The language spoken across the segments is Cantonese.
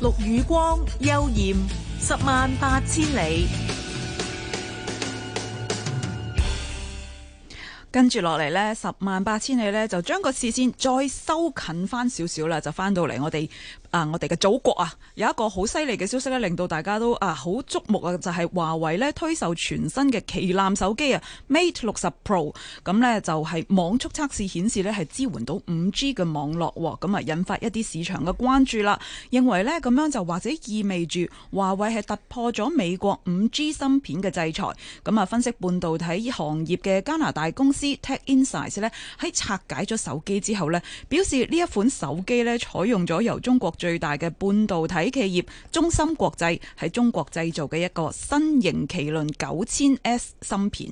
綠雨光悠艷，十萬八千里。跟住落嚟咧，十萬八千里咧，就將個視線再收近翻少少啦，就翻到嚟我哋啊，我哋嘅祖國啊，有一個好犀利嘅消息咧，令到大家都啊好矚目啊，就係華為咧推售全新嘅旗艦手機啊 Mate 六十 Pro，咁咧就係網速測試顯示咧係支援到五 G 嘅網絡哦，咁啊引發一啲市場嘅關注啦，認為咧咁樣就或者意味住華為係突破咗美國五 G 芯片嘅制裁，咁啊分析半導體行業嘅加拿大公司，Tech Insights 咧喺拆解咗手機之後咧，表示呢一款手機咧採用咗由中國最大嘅半導體企業中芯國際喺中國製造嘅一個新型麒麟九千 S 芯片。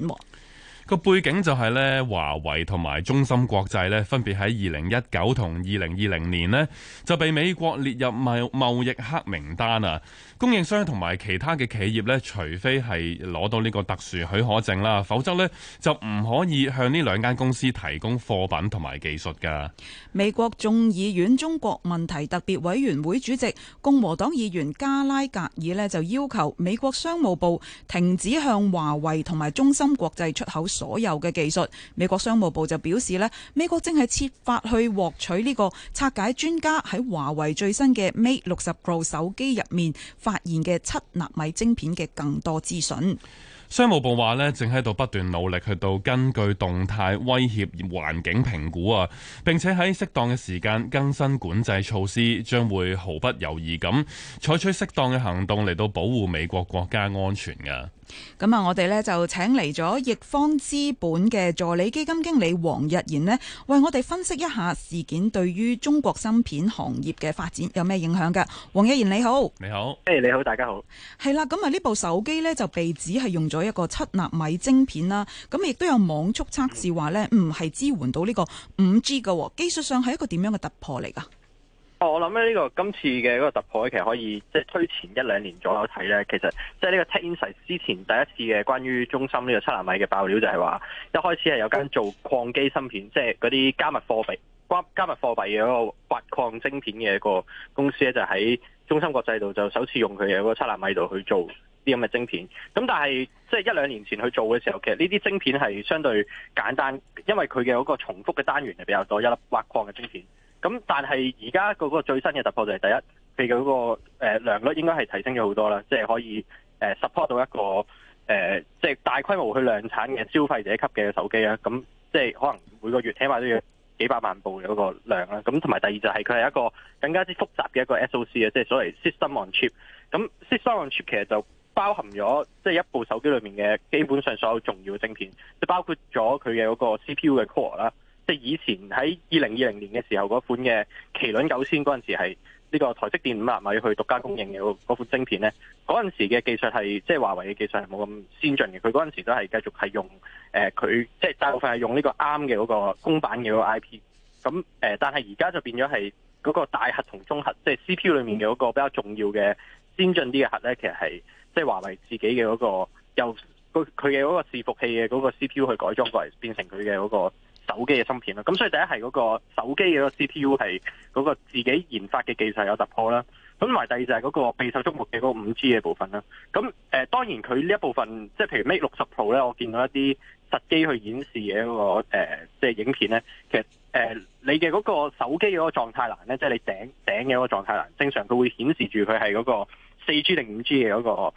個背景就係呢華為同埋中芯國際咧分別喺二零一九同二零二零年咧就被美國列入貿貿易黑名單啊。供應商同埋其他嘅企業呢，除非係攞到呢個特殊許可證啦，否則呢就唔可以向呢兩間公司提供貨品同埋技術嘅。美國眾議院中國問題特別委員會主席共和黨議員加拉格爾呢，就要求美國商務部停止向華為同埋中芯國際出口所有嘅技術。美國商務部就表示呢，美國正係設法去獲取呢個拆解專家喺華為最新嘅 Mate 六十 Pro 手機入面發發現嘅七納米晶片嘅更多資訊。商務部話呢，正喺度不斷努力去到根據動態威脅環境評估啊，並且喺適當嘅時間更新管制措施，將會毫不猶豫咁採取適當嘅行動嚟到保護美國國家安全嘅。咁啊，我哋咧，就請嚟咗易方資本嘅助理基金經理王逸研呢，為我哋分析一下事件對於中國芯片行業嘅發展有咩影響㗎。王逸研你好，你好，誒、hey，你好，大家好，係啦。咁啊，呢部手機呢，就被指係用咗一個七納米晶片啦，咁亦都有網速測試話呢，唔係支援到呢個五 G 喎，技術上係一個點樣嘅突破嚟噶？我諗咧呢個今次嘅嗰個突破咧，其實可以即係推前一兩年左右睇咧，其實即係呢個 TechInsights 之前第一次嘅關於中芯呢個七納米嘅爆料就係話，一開始係有間做礦機芯片，即係嗰啲加密貨幣、加密貨幣嘅一個挖礦晶片嘅一個公司咧，就喺中芯國際度就首次用佢嘅嗰個七納米度去做啲咁嘅晶片。咁但係即係一兩年前去做嘅時候，其實呢啲晶片係相對簡單，因為佢嘅嗰個重複嘅單元係比較多，一粒挖礦嘅晶片。咁但係而家個個最新嘅突破就係第一，佢嘅嗰個誒良率應該係提升咗好多啦，即係可以誒 support 到一個誒即係大規模去量產嘅消費者級嘅手機啦。咁即係可能每個月起碼都要幾百萬部嘅嗰個量啦。咁同埋第二就係佢係一個更加之複雜嘅一個 SOC 啊，即係所謂 system on chip。咁 system on chip 其實就包含咗即係一部手機裏面嘅基本上所有重要嘅晶片，即包括咗佢嘅嗰個 CPU 嘅 core 啦。即係以前喺二零二零年嘅時候，嗰款嘅麒麟九千嗰陣時係呢個台積電五納米去獨家供應嘅嗰款晶片咧，嗰陣時嘅技術係即係華為嘅技術係冇咁先進嘅，佢嗰陣時都係繼續係用誒佢、呃、即係大部分係用呢個啱嘅嗰個公版嘅嗰 IP。咁、呃、誒，但係而家就變咗係嗰個大核同中核，即、就、係、是、CPU 裡面嘅嗰個比較重要嘅先進啲嘅核咧，其實係即係華為自己嘅嗰、那個由佢佢嘅嗰個伺服器嘅嗰個 CPU 去改裝過嚟變成佢嘅嗰個。手機嘅芯片啦，咁所以第一係嗰個手機嘅 CPU 係嗰個自己研發嘅技術有突破啦。咁埋第二就係嗰個備受矚目嘅嗰個五 G 嘅部分啦。咁誒、呃、當然佢呢一部分，即係譬如 Mate 六十 Pro 咧，我見到一啲實機去演示嘅嗰、那個、呃、即係影片咧，其實誒、呃、你嘅嗰個手機嘅嗰個狀態欄咧，即、就、係、是、你頂頂嘅嗰個狀態欄，正常佢會顯示住佢係嗰個四 G 定五 G 嘅嗰個誒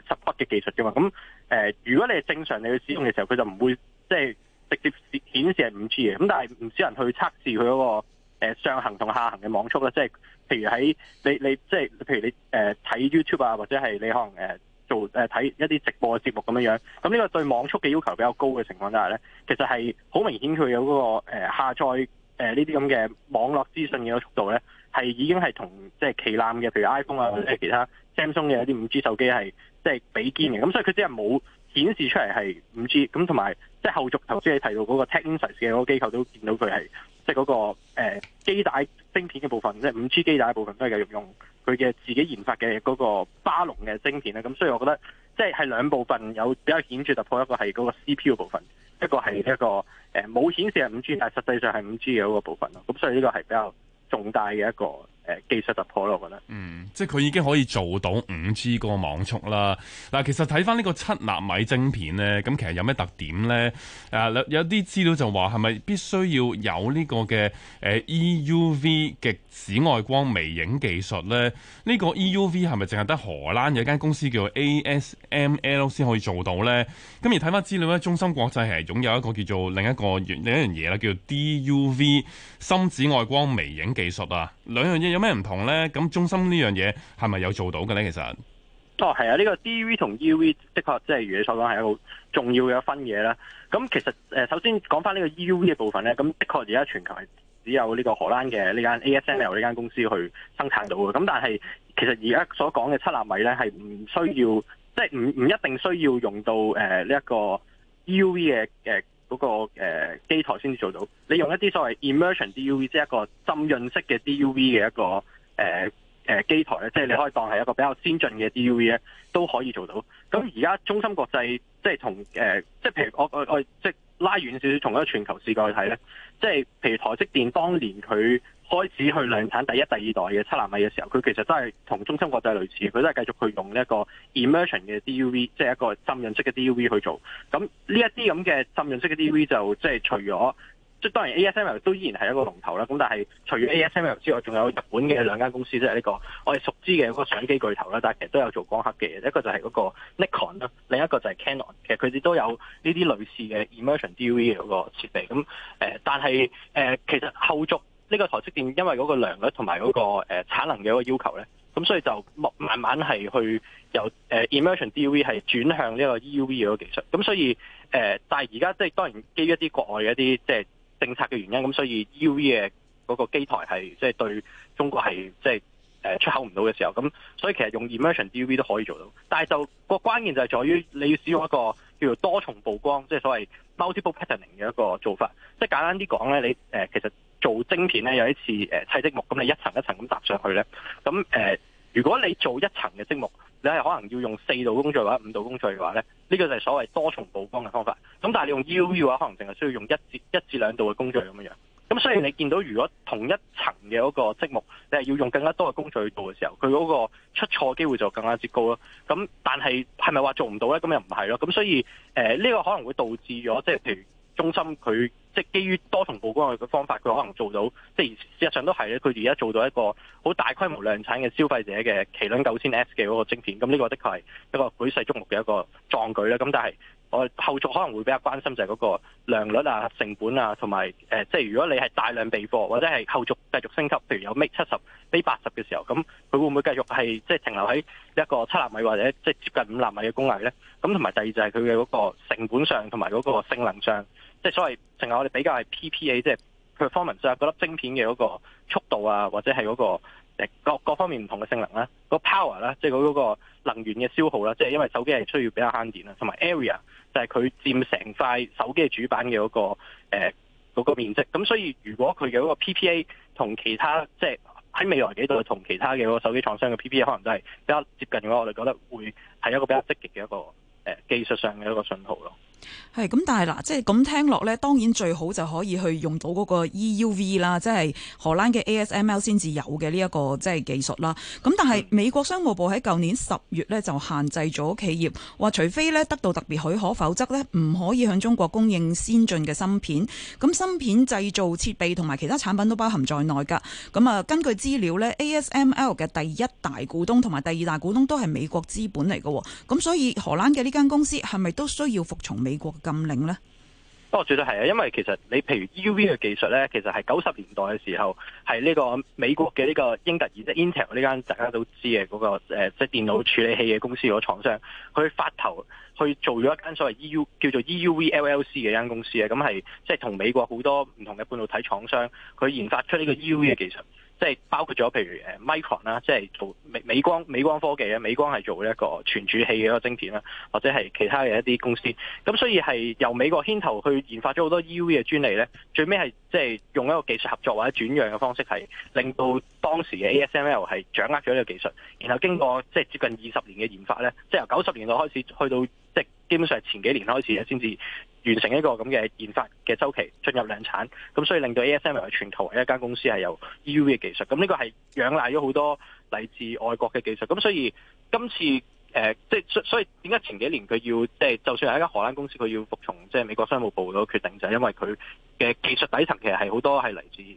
執筆嘅技術噶嘛。咁誒、呃、如果你係正常你去使用嘅時候，佢就唔會即係直接顯示係五 G 嘅，咁但係唔少人去測試佢嗰個誒上行同下行嘅網速啦，即係譬如喺你你即係譬如你誒睇 YouTube 啊，或者係你可能、呃、做誒睇一啲直播嘅節目咁樣樣，咁呢個對網速嘅要求比較高嘅情況下咧，其實係好明顯佢有嗰個誒下載誒呢啲咁嘅網絡資訊嘅速度咧，係已經係同即係旗艦嘅，譬如 iPhone 啊或者其他 Samsung 嘅一啲五 G 手機係即係比肩嘅，咁所以佢真係冇顯示出嚟係五 G，咁同埋即係後續頭先你提到嗰個 TechInsights 嘅嗰個機構都見到佢係即係嗰個誒基帶晶片嘅部分，即係五 G 基帶部分都係繼續用佢嘅自己研發嘅嗰個巴龍嘅晶片啦，咁所以我覺得即係係兩部分有比較顯著突破，一個係嗰個 CPU 部分，一個係一個誒冇顯示係五 G，但係實際上係五 G 嘅嗰個部分咯。咁所以呢個係比較重大嘅一個。誒技術突破咯，我覺得。嗯，即係佢已經可以做到五 G 嗰個網速啦。嗱，其實睇翻呢個七納米晶片咧，咁其實有咩特點咧？誒，有啲資料就話係咪必須要有呢個嘅誒 EUV 極紫外光微影技術咧？呢個 EUV 係咪淨係得荷蘭有間公司叫 ASML 先可以做到咧？咁而睇翻資料咧，中芯國際係擁有一個叫做另一個另一樣嘢啦，叫做 DUV 深紫外光微影技術啊，兩樣一。有咩唔同咧？咁中心呢樣嘢係咪有做到嘅咧？其實，哦係啊，呢個 DUV 同 EUV 的確即係如你所講係一個重要嘅分野啦。咁其實誒，首先講翻呢個 EUV 嘅部分咧，咁的確而家全球係只有呢個荷蘭嘅呢間 ASML 呢間公司去生產到嘅。咁但係其實而家所講嘅七納米咧，係唔需要，即係唔唔一定需要用到誒呢一個 EUV 嘅誒。呃嗰個誒機台先至做到，你用一啲所謂 immersion DUV，即係一個浸潤式嘅 DUV 嘅一個誒誒機台咧，即係你可以當係一個比較先進嘅 DUV 咧，都可以做到。咁而家中芯國際即係同誒，即係譬如我我我即係拉遠少少，從一個全球視角去睇咧，即係譬如台積電當年佢，開始去量產第一、第二代嘅七納米嘅時候，佢其實都係同中芯國際類似，佢都係繼續去用呢一個 immersion 嘅 DUV，即係一個浸潤式嘅 DUV 去做。咁呢一啲咁嘅浸潤式嘅 DUV 就即係除咗，即係當然 ASML 都依然係一個龍頭啦。咁但係除咗 ASML 之外，仲有日本嘅兩間公司，即係呢個我哋熟知嘅嗰個相機巨頭啦。但係其實都有做光刻嘅，一個就係嗰個 Nikon 啦，另一個就係 Canon。其實佢哋都有呢啲類似嘅 immersion DUV 嘅嗰個設備。咁誒，但係誒，其實後續。呢、這個台積電因為嗰個良率同埋嗰個誒產能嘅一個要求咧，咁所以就慢慢慢係去由誒 immersion DUV 係轉向呢個 EUV 嘅個技術。咁所以誒，但係而家即係當然基於一啲國外嘅一啲即係政策嘅原因，咁所以 EUV 嘅嗰個機台係即係對中國係即係誒出口唔到嘅時候，咁所以其實用 immersion DUV 都可以做到。但係就個關鍵就係在於你要使用一個。叫做多重曝光，即係所謂 multiple patterning 嘅一個做法。即係簡單啲講咧，你其實做晶片咧有一次砌積木，咁你一層一層咁搭上去咧。咁如果你做一層嘅積木，你係可能要用四度工序或者五度工序嘅話咧，呢、這個就係所謂多重曝光嘅方法。咁但係你用 UV 嘅話，可能淨係需要用一至一至兩度嘅工序咁樣樣。咁所以你見到，如果同一層嘅嗰個積木，你係要用更加多嘅工序去做嘅時候，佢嗰個出錯機會就更加之高咯。咁但係係咪話做唔到咧？咁又唔係咯。咁所以誒，呢、呃這個可能會導致咗，即、就、係、是、譬如中心佢。即係基於多重曝光嘅方法，佢可能做到，即係事實上都係咧。佢而家做到一個好大規模量產嘅消費者嘅麒麟九千 S 嘅嗰個晶片。咁呢個的確係一個舉世矚目嘅一個壯舉咧。咁但係我後續可能會比較關心就係嗰個良率啊、成本啊，同埋誒，即係如果你係大量備貨或者係後續繼續升級，譬如有 Mate 七十、Mate 八十嘅時候，咁佢會唔會繼續係即係停留喺一個七納米或者即係接近五納米嘅工藝咧？咁同埋第二就係佢嘅嗰個成本上同埋嗰個性能上。即係所謂，淨係我哋比較係 PPA，即係 performance 嗰粒晶片嘅嗰個速度啊，或者係嗰個各各方面唔同嘅性能啦、啊，個 power 啦、啊，即係佢嗰個能源嘅消耗啦、啊，即、就、係、是、因為手機係需要比較慳電啦，同埋 area 就係佢佔成塊手機嘅主板嘅嗰、那個誒、呃那個、面積。咁所以如果佢嘅嗰個 PPA 同其他即係喺未來幾度同其他嘅嗰個手機廠商嘅 PPA 可能都係比較接近嘅話，我哋覺得會係一個比較積極嘅一個誒、呃、技術上嘅一個信號咯。係咁，但係嗱，即係咁聽落呢，當然最好就可以去用到嗰個 EUV 啦，即係荷蘭嘅 ASML 先至有嘅呢一個即係技術啦。咁但係美國商務部喺舊年十月呢就限制咗企業，話除非呢得到特別許可，否則呢唔可以向中國供應先進嘅芯片。咁芯片製造設備同埋其他產品都包含在內噶。咁啊，根據資料呢，ASML 嘅第一大股東同埋第二大股東都係美國資本嚟噶。咁所以荷蘭嘅呢間公司係咪都需要服從美國？美國禁令咧，不、哦、過絕對係啊，因為其實你譬如 EUV 嘅技術咧，其實係九十年代嘅時候，係呢個美國嘅呢個英特爾、就是、Intel 呢間大家都知嘅嗰、那個誒，即、呃、係、就是、電腦處理器嘅公司個廠商，佢發頭去做咗一間所謂 EU 叫做 EUV LLC 嘅一間公司啊，咁係即係同美國好多唔同嘅半導體廠商，佢研發出呢個 EUV 嘅技術。即係包括咗譬如誒 Micron 啦，即係做美美光美光科技啊，美光係做一個存儲器嘅一個晶片啦，或者係其他嘅一啲公司。咁所以係由美國牽頭去研發咗好多 EUV 嘅專利咧，最尾係即係用一個技術合作或者轉讓嘅方式，係令到當時嘅 ASML 係掌握咗呢個技術，然後經過即係接近二十年嘅研發咧，即係由九十年代開始去到即係基本上前幾年開始咧，先至。完成一個咁嘅研發嘅周期，進入量產，咁所以令到 ASML 係全球唯一一間公司係有 EUV 嘅技術，咁呢個係仰賴咗好多嚟自外國嘅技術，咁所以今次誒，即係所以點解前幾年佢要即係就算係一間荷蘭公司，佢要服從即係美國商務部嘅決定，就係因為佢嘅技術底層其實係好多係嚟自誒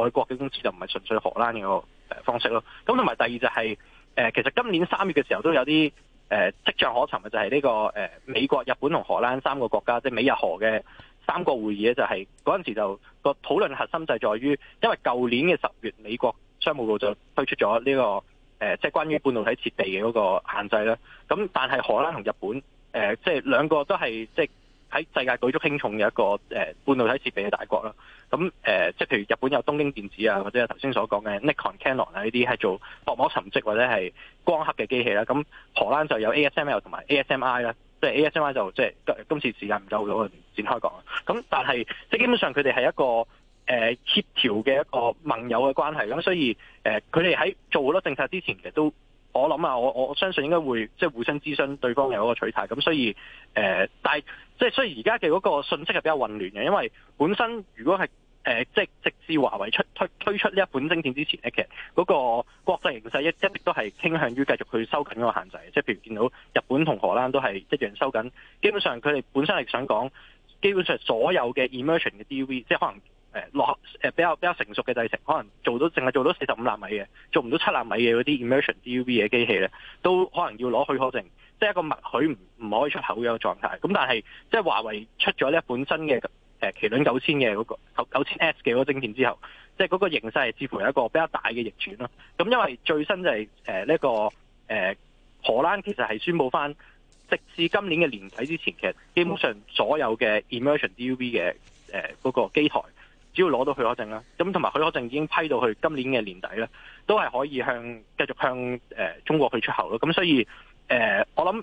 外國嘅公司，就唔係純粹荷蘭嘅個誒方式咯。咁同埋第二就係誒，其實今年三月嘅時候都有啲。誒、呃、跡象可尋嘅就係呢、這個、呃、美國、日本同荷蘭三個國家，即、就是、美日荷嘅三個會議咧、就是，就係嗰時就個討論核心就係在於，因為舊年嘅十月，美國商務部就推出咗呢、這個即、呃就是、關於半導體設備嘅嗰個限制。咁但係荷蘭同日本即、呃就是、兩個都即係。就是喺世界舉足輕重嘅一個誒半導體設備嘅大國啦，咁誒、呃、即係譬如日本有東京電子啊，或者係頭先所講嘅 Nikon、Canon 啊呢啲係做薄膜沉積或者係光刻嘅機器啦，咁荷蘭就有 ASML 同埋 ASMI 啦，即係 ASMI 就即係今次時間唔夠咗，唔展開講啦。咁但係即係基本上佢哋係一個誒、呃、協調嘅一個盟友嘅關係，咁所以誒佢哋喺做好多政策之前其實都。我諗啊，我我相信應該會即係、就是、互相諮詢對方有一個取態，咁所以誒、呃，但係即係所以而家嘅嗰個信息係比較混亂嘅。因為本身如果係即係直至華為出推推出呢一本晶片之前咧，其實嗰個國際形勢一一直都係傾向於繼續去收緊嗰個限制即係、就是、譬如見到日本同荷蘭，都係一樣收緊，基本上佢哋本身係想講，基本上所有嘅 emerging 嘅 DV，即係可能。誒落誒比較比較成熟嘅製程，可能做到淨係做到四十五納米嘅，做唔到七納米嘅嗰啲 immersion DUV 嘅機器咧，都可能要攞許可證，即係一個默許唔唔可以出口嘅一個狀態。咁但係即係華為出咗呢一本新嘅誒麒麟九千嘅嗰個九千 S 嘅嗰個晶片之後，即係嗰個形勢係似乎係一個比較大嘅逆轉咯。咁因為最新就係誒呢個誒荷蘭其實係宣布翻，直至今年嘅年底之前，其實基本上所有嘅 immersion DUV 嘅嗰個機台。只要攞到許可證啦，咁同埋許可證已經批到去今年嘅年底咧，都係可以向繼續向誒、呃、中國去出口咯。咁所以誒、呃，我諗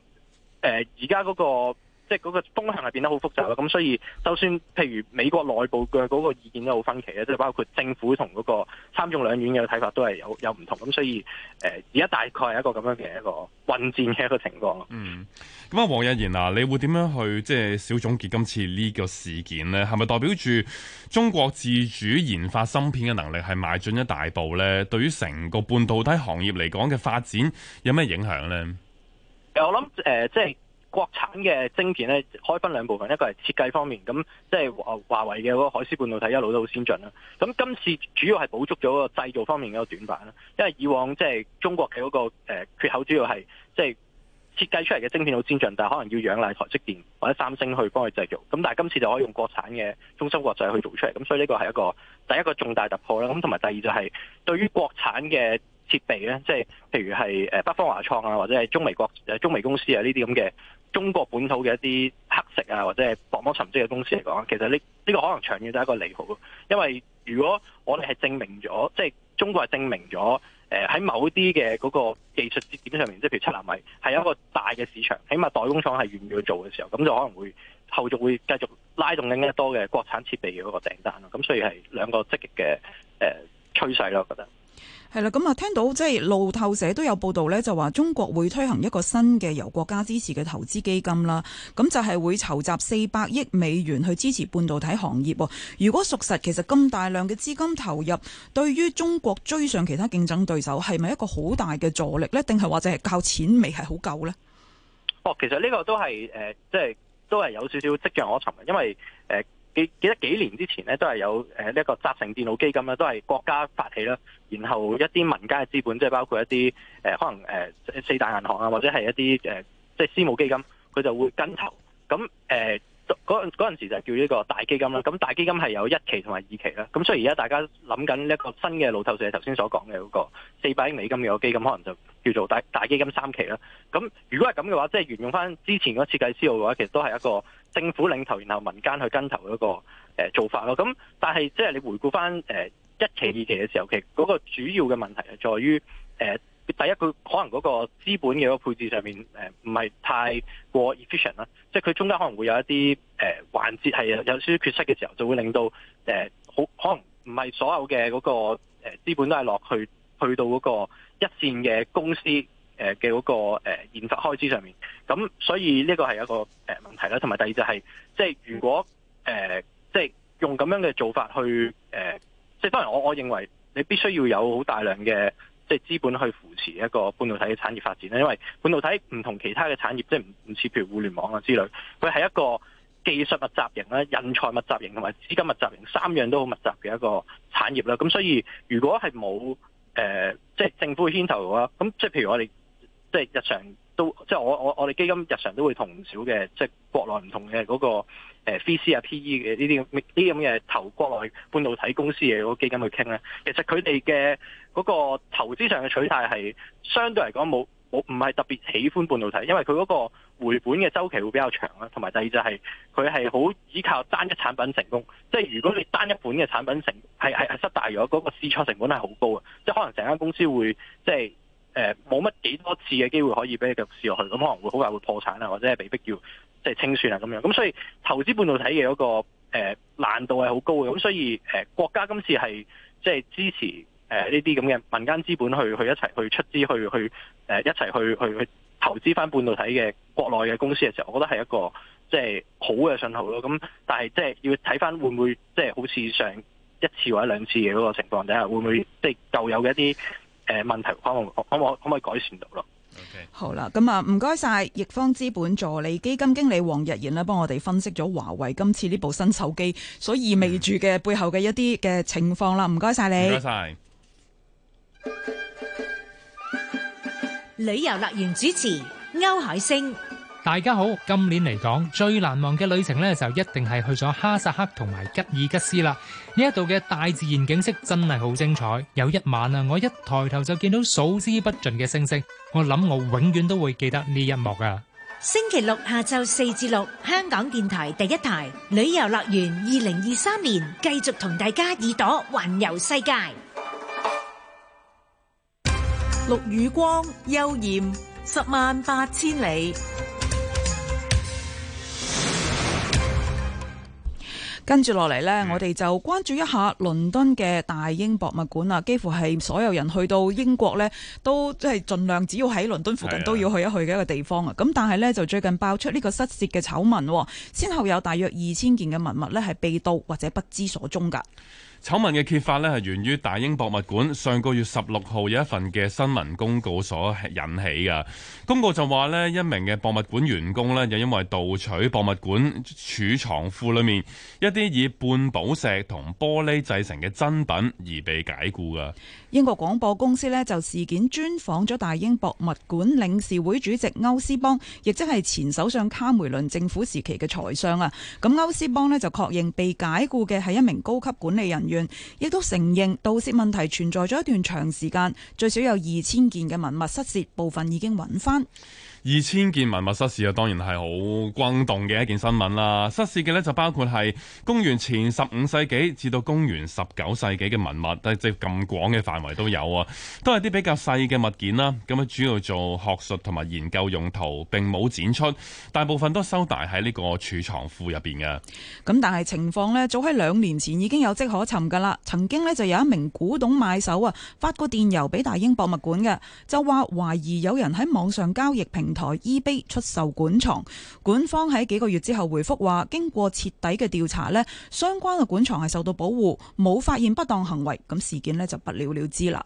誒而家嗰個。即係嗰個風向係變得好複雜啦，咁所以，就算譬如美國內部嘅嗰個意見都好分歧咧，即係包括政府同嗰個參眾兩院嘅睇法都係有有唔同，咁所以，誒而家大概係一個咁樣嘅一個混戰嘅一個情況。嗯，咁啊，王逸研啊，你會點樣去即係小總結今次呢個事件呢，係咪代表住中國自主研發芯片嘅能力係邁進一大步呢？對於成個半導體行業嚟講嘅發展有咩影響呢？我諗誒，即係國產嘅晶片咧，開分兩部分，一個係設計方面，咁即係華華為嘅嗰個海思半導體一路都好先進啦。咁今次主要係補足咗個製造方面嗰個短板啦，因為以往即係中國嘅嗰個缺口，主要係即係設計出嚟嘅晶片好先進，但係可能要仰賴台積電或者三星去幫佢製造。咁但係今次就可以用國產嘅中芯國際去做出嚟，咁所以呢個係一個第一個重大突破啦。咁同埋第二就係對於國產嘅設備咧，即係譬如係北方華創啊，或者係中微國中微公司啊呢啲咁嘅。這中國本土嘅一啲黑色啊，或者係薄膜沉積嘅公司嚟講，其實呢呢個可能長遠都係一個利好。因為如果我哋係證明咗，即係中國係證明咗，誒、呃、喺某啲嘅嗰個技術節點上面，即係譬如七納米，係一個大嘅市場，起碼代工廠係願，願意去做嘅時候，咁就可能會後續會繼續拉動更加多嘅國產設備嘅嗰個訂單咯。咁所以係兩個積極嘅誒、呃、趨勢咯，我覺得。係啦，咁啊，聽到即係路透社都有報道呢，就話中國會推行一個新嘅由國家支持嘅投資基金啦，咁就係、是、會籌集四百億美元去支持半導體行業。如果屬實，其實咁大量嘅資金投入，對於中國追上其他競爭對手，係咪一個好大嘅助力呢？定係或者係靠錢未係好夠呢？哦，其實呢個都係誒、即、呃、係、就是、都係有少少跡象可尋，因為誒。呃記記得幾年之前咧，都係有誒呢一個集成電腦基金咧，都係國家發起啦，然後一啲民間嘅資本，即係包括一啲誒、呃、可能誒、呃、四大銀行啊，或者係一啲誒、呃、即係私募基金，佢就會跟投咁誒。嗰嗰陣時就叫呢個大基金啦，咁大基金係有一期同埋二期啦。咁所以而家大家諗緊一個新嘅路透，社係頭先所講嘅嗰個四百億美金嘅個基金，可能就叫做大大基金三期啦。咁如果係咁嘅話，即係沿用翻之前嗰設計思路嘅話，其實都係一個政府領頭然後民間去跟投嗰個做法咯。咁但係即係你回顧翻一,一期二期嘅時候，其實嗰個主要嘅問題係在於第一，佢可能嗰個資本嘅一個配置上面，誒唔係太過 efficient 啦，即係佢中間可能會有一啲誒、呃、環節係有少少缺失嘅時候，就會令到誒好、呃、可能唔係所有嘅嗰個誒資本都係落去去到嗰個一線嘅公司嘅嗰個研發開支上面。咁所以呢個係一個誒問題啦，同埋第二就係、是、即係如果誒、呃、即係用咁樣嘅做法去誒、呃，即係當然我我認為你必須要有好大量嘅。即係資本去扶持一個半導體嘅產業發展咧，因為半導體唔同其他嘅產業，即係唔唔似譬如互聯網啊之類，佢係一個技術密集型啦、人才密集型同埋資金密集型三樣都好密集嘅一個產業啦。咁所以如果係冇誒，即係政府牽頭嘅話，咁即係譬如我哋即係日常。都即係我我我哋基金日常都會同唔少嘅即係國內唔同嘅嗰個誒 VC 啊 PE 嘅呢啲呢啲咁嘅投國內半導體公司嘅嗰基金去傾咧，其實佢哋嘅嗰個投資上嘅取態係相對嚟講冇冇唔係特別喜歡半導體，因為佢嗰個回本嘅週期會比較長啦。同埋第二就係佢係好依靠單一產品成功，即係如果你單一款嘅產品成係係失敗咗，嗰個試錯成本係好高嘅，即係可能成間公司會即係。誒冇乜幾多次嘅機會可以俾你繼續試落去，咁可能會好快會破產啊，或者係被逼要即係清算啊咁樣。咁所以投資半導體嘅嗰、那個誒、呃、難度係好高嘅。咁所以誒、呃、國家今次係即係支持誒呢啲咁嘅民間資本去去一齊去出資去、呃、去去誒一齊去去去投資翻半導體嘅國內嘅公司嘅時候，我覺得係一個即係、就是、好嘅信號咯。咁但係即係要睇翻會唔會即係、就是、好似上一次或者兩次嘅嗰個情況底下，會唔會即係舊有嘅一啲？誒，問題可可可可唔可以改善到咯？Okay. 好啦，咁啊，唔該晒。易方資本助理基金經理王逸研咧，幫我哋分析咗華為今次呢部新手機所意味住嘅背後嘅一啲嘅情況啦。唔該晒你，唔該晒。旅遊樂園主持歐海星。大家好，今年嚟講，最難忘嘅旅程呢，就一定係去咗哈薩克同埋吉爾吉斯啦。呢一度嘅大自然景色真係好精彩，有一晚啊，我一抬頭就見到數之不盡嘅星星，我諗我永遠都會記得呢一幕噶。星期六下晝四至六，香港電台第一台旅遊樂園二零二三年繼續同大家耳朵環遊世界，陸雨光幽艷，十萬八千里。跟住落嚟呢，我哋就關注一下倫敦嘅大英博物館啊！幾乎係所有人去到英國呢，都即係盡量只要喺倫敦附近都要去一去嘅一個地方啊！咁但係呢，就最近爆出呢個失竊嘅醜聞，先後有大約二千件嘅文物呢，係被盜或者不知所蹤㗎。醜聞嘅揭發咧，係源於大英博物館上個月十六號有一份嘅新聞公告所引起嘅。公告就話咧，一名嘅博物館員工又因為盜取博物館儲藏庫裏面一啲以半寶石同玻璃製成嘅珍品而被解雇噶。英國廣播公司就事件專訪咗大英博物館理事會主席歐斯邦，亦即係前首相卡梅倫政府時期嘅財相啊。咁歐斯邦咧就確認被解雇嘅係一名高級管理人員，亦都承認盜竊問題存在咗一段長時間，最少有二千件嘅文物失竊，部分已經揾翻。二千件文物失事啊，當然係好轟動嘅一件新聞啦。失事嘅咧就包括係公元前十五世紀至到公元十九世紀嘅文物，即係咁廣嘅範圍都有啊。都係啲比較細嘅物件啦。咁啊，主要做學術同埋研究用途，並冇展出。大部分都收埋喺呢個儲藏庫入邊嘅。咁但係情況咧，早喺兩年前已經有跡可尋噶啦。曾經咧就有一名古董買手啊，發過電郵俾大英博物館嘅，就話懷疑有人喺網上交易平台 eBay 出售館藏，館方喺幾個月之後回覆話，經過徹底嘅調查呢，相關嘅館藏係受到保護，冇發現不當行為，咁事件呢就不了了之啦。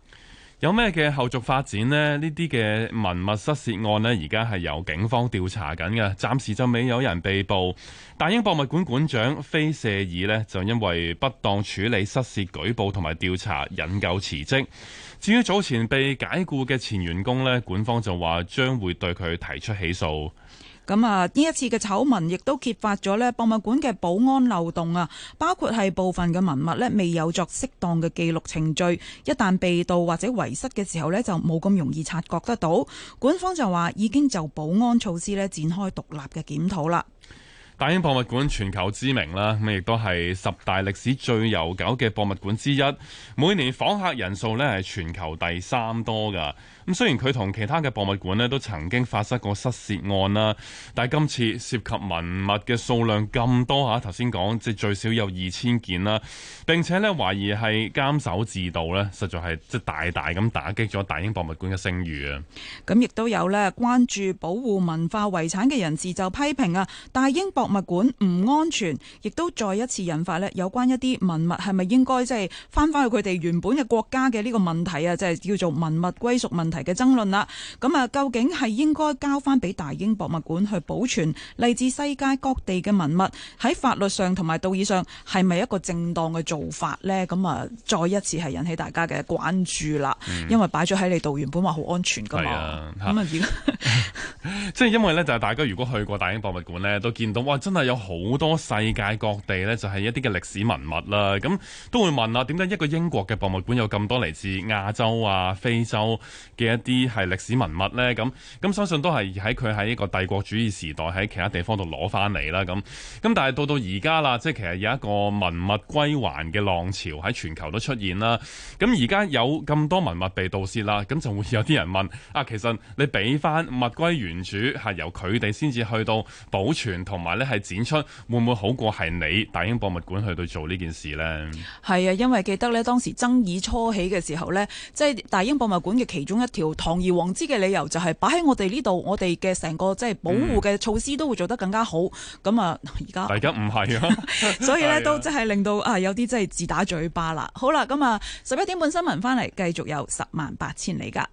有咩嘅後續發展呢？呢啲嘅文物失竊案呢，而家係由警方調查緊嘅。暫時就未有人被捕。大英博物館館長菲舍爾呢，就因為不當處理失竊舉報同埋調查，引咎辭職。至於早前被解雇嘅前員工呢，館方就話將會對佢提出起訴。咁啊！呢一次嘅醜聞亦都揭發咗呢博物館嘅保安漏洞啊，包括係部分嘅文物呢，未有作適當嘅記錄程序，一旦被盜或者遺失嘅時候呢，就冇咁容易察覺得到。館方就話已經就保安措施呢展開獨立嘅檢討啦。大英博物館全球知名啦，咁亦都係十大歷史最悠久嘅博物館之一。每年訪客人數呢係全球第三多㗎。咁雖然佢同其他嘅博物館呢都曾經發生過失竊案啦，但係今次涉及文物嘅數量咁多吓，頭先講即最少有二千件啦。並且呢懷疑係監守自盜呢，實在係即大大咁打擊咗大英博物館嘅聲譽啊！咁亦都有呢關注保護文化遺產嘅人士就批評啊，大英博物館唔安全，亦都再一次引發咧有關一啲文物係咪應該即係翻翻去佢哋原本嘅國家嘅呢個問題啊，即係叫做文物歸屬問題嘅爭論啦。咁啊，究竟係應該交翻俾大英博物館去保存嚟自世界各地嘅文物，喺法律上同埋道義上係咪一個正當嘅做法呢？咁啊，再一次係引起大家嘅關注啦、嗯。因為擺咗喺你度，原本話好安全噶嘛。咁啊，而即係因為呢，就係大家如果去過大英博物館呢，都見到真係有好多世界各地咧，就係一啲嘅歷史文物啦。咁都會問啦，點解一個英國嘅博物館有咁多嚟自亞洲啊、非洲嘅一啲係歷史文物咧？咁咁相信都係喺佢喺一個帝國主義時代喺其他地方度攞翻嚟啦。咁咁，但係到到而家啦，即係其實有一個文物歸還嘅浪潮喺全球都出現啦。咁而家有咁多文物被盜竊啦，咁就會有啲人問啊，其實你俾翻物歸原主係由佢哋先至去到保存同埋。係展出會唔會好過係你大英博物館去到做呢件事呢？係啊，因為記得咧當時爭議初起嘅時候呢，即係大英博物館嘅其中一條堂而皇之嘅理由，就係擺喺我哋呢度，我哋嘅成個即係保護嘅措施都會做得更加好。咁、嗯、 所以 啊，而家而家唔係啊，所以呢都即係令到啊有啲真係自打嘴巴啦。好啦，咁啊十一點半新聞翻嚟，繼續有十萬八千里噶。